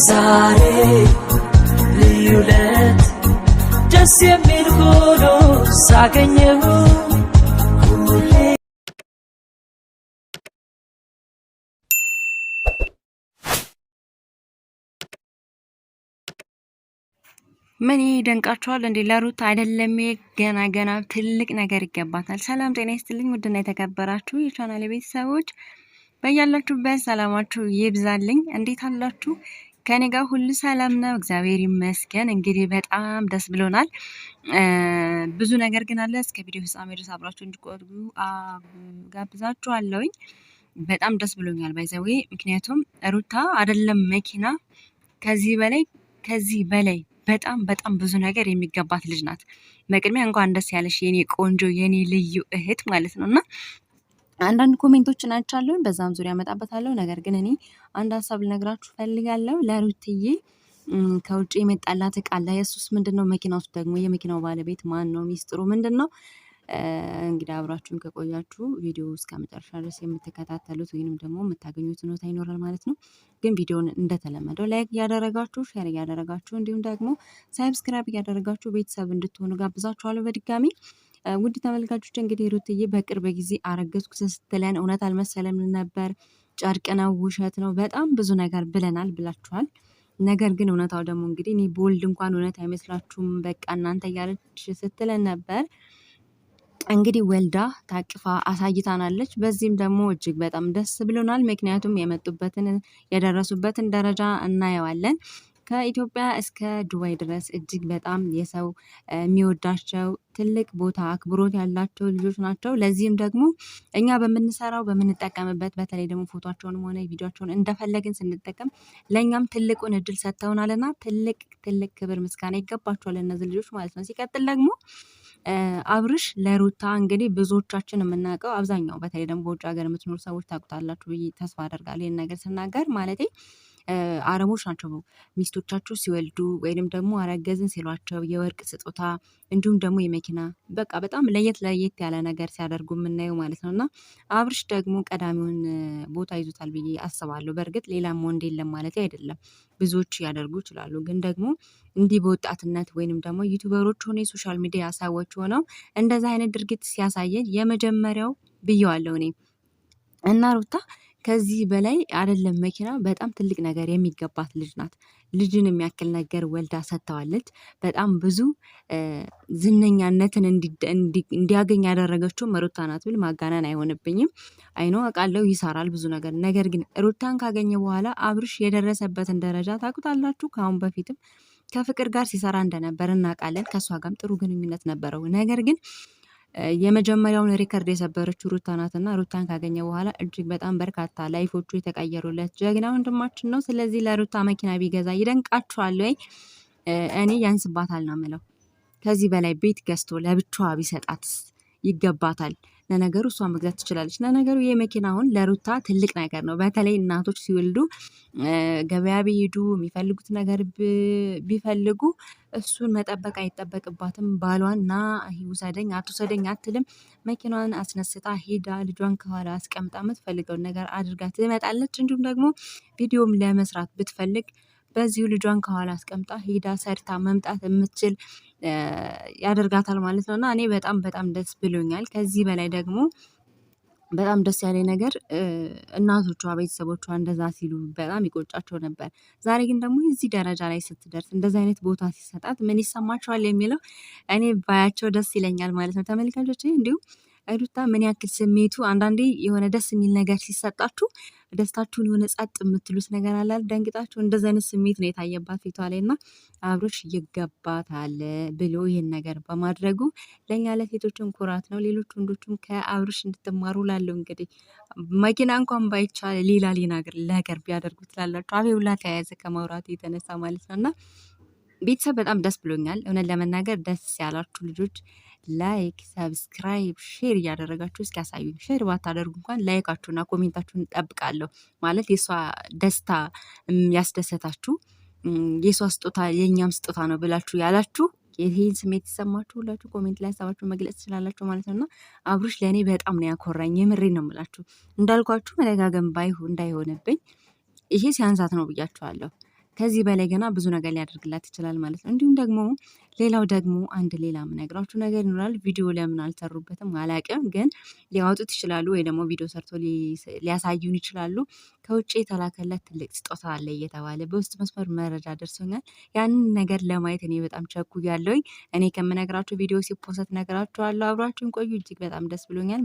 ዛሬ ልዩ ደስ የሚል ሆኖ ሳገኘው ምን ይደንቃችኋል እንዴ? ለሩት አይደለም ገና ገና ትልቅ ነገር ይገባታል። ሰላም ጤና ይስጥልኝ። ውድና የተከበራችሁ የቻናል ቤተሰቦች በያላችሁበት ሰላማችሁ ይብዛልኝ። እንዴት አላችሁ? ከኔ ጋር ሁሉ ሰላም ነው፣ እግዚአብሔር ይመስገን። እንግዲህ በጣም ደስ ብሎናል። ብዙ ነገር ግን አለ። እስከ ቪዲዮ ፍጻሜ ድረስ አብራችሁ እንዲቆዩ ጋብዛችኋለሁኝ። በጣም ደስ ብሎኛል ባይዘዌ ምክንያቱም ሩታ አይደለም መኪና ከዚህ በላይ ከዚህ በላይ በጣም በጣም ብዙ ነገር የሚገባት ልጅ ናት። በቅድሚያ እንኳን ደስ ያለሽ የኔ ቆንጆ የኔ ልዩ እህት ማለት ነው እና አንዳንድ ኮሜንቶች ናቻለሁኝ በዛም ዙሪያ እመጣበታለሁ። ነገር ግን እኔ አንድ ሀሳብ ልነግራችሁ ፈልጋለሁ። ለሩትዬ ከውጭ የመጣላት እቃ አለ። የእሱስ ምንድን ነው? መኪና ደግሞ የመኪናው ባለቤት ማን ነው? ሚስጥሩ ምንድን ነው? እንግዲህ አብራችሁን ከቆያችሁ ቪዲዮ እስከ መጨረሻ ድረስ የምትከታተሉት ወይንም ደግሞ የምታገኙት ሁኔታ ይኖራል ማለት ነው። ግን ቪዲዮን እንደተለመደው ላይክ እያደረጋችሁ ሼር እያደረጋችሁ እንዲሁም ደግሞ ሳብስክራይብ እያደረጋችሁ ቤተሰብ እንድትሆኑ ጋብዛችኋለሁ በድጋሚ ውድ ተመልካቾች እንግዲህ ሩትዬ በቅርብ ጊዜ አረገዝኩ ስትለን እውነት አልመሰለም ነበር፣ ጨርቅ ነው፣ ውሸት ነው፣ በጣም ብዙ ነገር ብለናል ብላችኋል። ነገር ግን እውነታው ደግሞ እንግዲህ እኔ ቦልድ እንኳን እውነት አይመስላችሁም በቃ እናንተ እያለች ስትለን ነበር። እንግዲህ ወልዳ ታቅፋ አሳይታናለች። በዚህም ደግሞ እጅግ በጣም ደስ ብሎናል። ምክንያቱም የመጡበትን የደረሱበትን ደረጃ እናየዋለን። ከኢትዮጵያ እስከ ዱባይ ድረስ እጅግ በጣም የሰው የሚወዳቸው ትልቅ ቦታ አክብሮት ያላቸው ልጆች ናቸው። ለዚህም ደግሞ እኛ በምንሰራው በምንጠቀምበት በተለይ ደግሞ ፎቶቸውንም ሆነ ቪዲዮቸውን እንደፈለግን ስንጠቀም ለእኛም ትልቁን እድል ሰጥተውናልና ትልቅ ትልቅ ክብር ምስጋና ይገባቸዋል እነዚህ ልጆች ማለት ነው። ሲቀጥል ደግሞ አብርሽ ለሩታ እንግዲህ ብዙዎቻችን የምናውቀው አብዛኛው በተለይ ደግሞ በውጭ ሀገር የምትኖሩ ሰዎች ታውቁታላችሁ ብዬ ተስፋ አደርጋለሁ ይህን ነገር ስናገር ማለቴ አረቦች ናቸው ሚስቶቻቸው ሲወልዱ ወይንም ደግሞ አረገዝን ሲሏቸው የወርቅ ስጦታ እንዲሁም ደግሞ የመኪና በቃ በጣም ለየት ለየት ያለ ነገር ሲያደርጉ የምናየው ማለት ነው። እና አብርሽ ደግሞ ቀዳሚውን ቦታ ይዞታል ብዬ አስባለሁ። በእርግጥ ሌላም ወንድ የለም ማለት አይደለም፣ ብዙዎች ያደርጉ ይችላሉ። ግን ደግሞ እንዲህ በወጣትነት ወይንም ደግሞ ዩቱበሮች ሆነ የሶሻል ሚዲያ ሰዎች ሆነው እንደዛ አይነት ድርጊት ሲያሳየን የመጀመሪያው ብየዋለሁ እኔ እና ሩታ ከዚህ በላይ አይደለም መኪና በጣም ትልቅ ነገር የሚገባት ልጅ ናት። ልጅን የሚያክል ነገር ወልዳ ሰጥተዋለች። በጣም ብዙ ዝነኛነትን እንዲያገኝ ያደረገችውም ሩታ ናት ብል ማጋነን አይሆንብኝም። አይኖ አውቃለሁ ይሰራል ብዙ ነገር። ነገር ግን ሩታን ካገኘ በኋላ አብርሽ የደረሰበትን ደረጃ ታውቁታላችሁ። ከአሁን በፊትም ከፍቅር ጋር ሲሰራ እንደነበር እናውቃለን። ከእሷ ጋርም ጥሩ ግንኙነት ነበረው። ነገር ግን የመጀመሪያውን ሪከርድ የሰበረችው ሩታ ናትና ሩታን ካገኘ በኋላ እጅግ በጣም በርካታ ላይፎቹ የተቀየሩለት ጀግና ወንድማችን ነው። ስለዚህ ለሩታ መኪና ቢገዛ ይደንቃችኋል ወይ? እኔ ያንስባታል ነው ከዚህ በላይ ቤት ገዝቶ ለብቻዋ ቢሰጣት ይገባታል። ለነገሩ እሷ መግዛት ትችላለች። ለነገሩ ይህ መኪና አሁን ለሩታ ትልቅ ነገር ነው። በተለይ እናቶች ሲወልዱ ገበያ ቢሄዱ የሚፈልጉት ነገር ቢፈልጉ እሱን መጠበቅ አይጠበቅባትም። ባሏና ውሰደኝ አትውሰደኝ አትልም። መኪናዋን አስነስታ ሄዳ ልጇን ከኋላ አስቀምጣ የምትፈልገውን ነገር አድርጋ ትመጣለች። እንዲሁም ደግሞ ቪዲዮም ለመስራት ብትፈልግ በዚሁ ልጇን ከኋላ አስቀምጣ ሄዳ ሰርታ መምጣት የምትችል ያደርጋታል ማለት ነው እና እኔ በጣም በጣም ደስ ብሎኛል። ከዚህ በላይ ደግሞ በጣም ደስ ያለኝ ነገር እናቶቿ ቤተሰቦቿ እንደዛ ሲሉ በጣም ይቆጫቸው ነበር። ዛሬ ግን ደግሞ እዚህ ደረጃ ላይ ስትደርስ እንደዚህ አይነት ቦታ ሲሰጣት ምን ይሰማቸዋል የሚለው እኔ ባያቸው ደስ ይለኛል ማለት ነው። ተመልካቾች እንዲሁም ሩታ ምን ያክል ስሜቱ አንዳንዴ የሆነ ደስ የሚል ነገር ሲሰጣችሁ ደስታችሁን የሆነ ጸጥ የምትሉት ነገር አላል ደንግጣችሁ እንደዚ አይነት ስሜት ነው የታየባት ፊቷ ላይ እና አብሮሽ ይገባታል ብሎ ይህን ነገር በማድረጉ ለእኛ ለሴቶችን ኩራት ነው። ሌሎች ወንዶችም ከአብሮሽ እንድትማሩ ላለው እንግዲህ መኪና እንኳን ባይቻል ሌላ ሌላ ነገር ቢያደርጉ ትላላችሁ። አፌ ሁላ ተያያዘ ከማውራት የተነሳ ማለት ነው እና ቤተሰብ በጣም ደስ ብሎኛል። እውነት ለመናገር ደስ ያላችሁ ልጆች ላይክ፣ ሰብስክራይብ፣ ሼር እያደረጋችሁ እስኪ ያሳዩኝ። ሼር ባታደርጉ እንኳን ላይካችሁና ኮሜንታችሁን እጠብቃለሁ። ማለት የሷ ደስታ ያስደሰታችሁ የሷ ስጦታ የእኛም ስጦታ ነው ብላችሁ ያላችሁ ይህን ስሜት ይሰማችሁ ሁላችሁ ኮሜንት ላይ ሀሳባችሁ መግለጽ ትችላላችሁ ማለት ነው። እና አብርሽ ለእኔ በጣም ነው ያኮራኝ። የምሬ ነው ምላችሁ እንዳልኳችሁ መደጋገም ባይሁ እንዳይሆንብኝ ይሄ ሲያንሳት ነው ብያችኋለሁ። ከዚህ በላይ ገና ብዙ ነገር ሊያደርግላት ይችላል ማለት ነው። እንዲሁም ደግሞ ሌላው ደግሞ አንድ ሌላ የምነግራችሁ ነገር ይኖራል። ቪዲዮ ለምን አልሰሩበትም አላቅም፣ ግን ሊያወጡት ይችላሉ ወይ ደግሞ ቪዲዮ ሰርቶ ሊያሳዩን ይችላሉ። ከውጭ የተላከለት ትልቅ ስጦታ አለ እየተባለ በውስጥ መስመር መረጃ ደርሶኛል። ያንን ነገር ለማየት እኔ በጣም ቸኩ ያለውኝ እኔ ከምነግራችሁ ቪዲዮ ሲፖሰት ነግራችኋለሁ። አብሯችሁን ቆዩ። እጅግ በጣም ደስ ብሎኛል።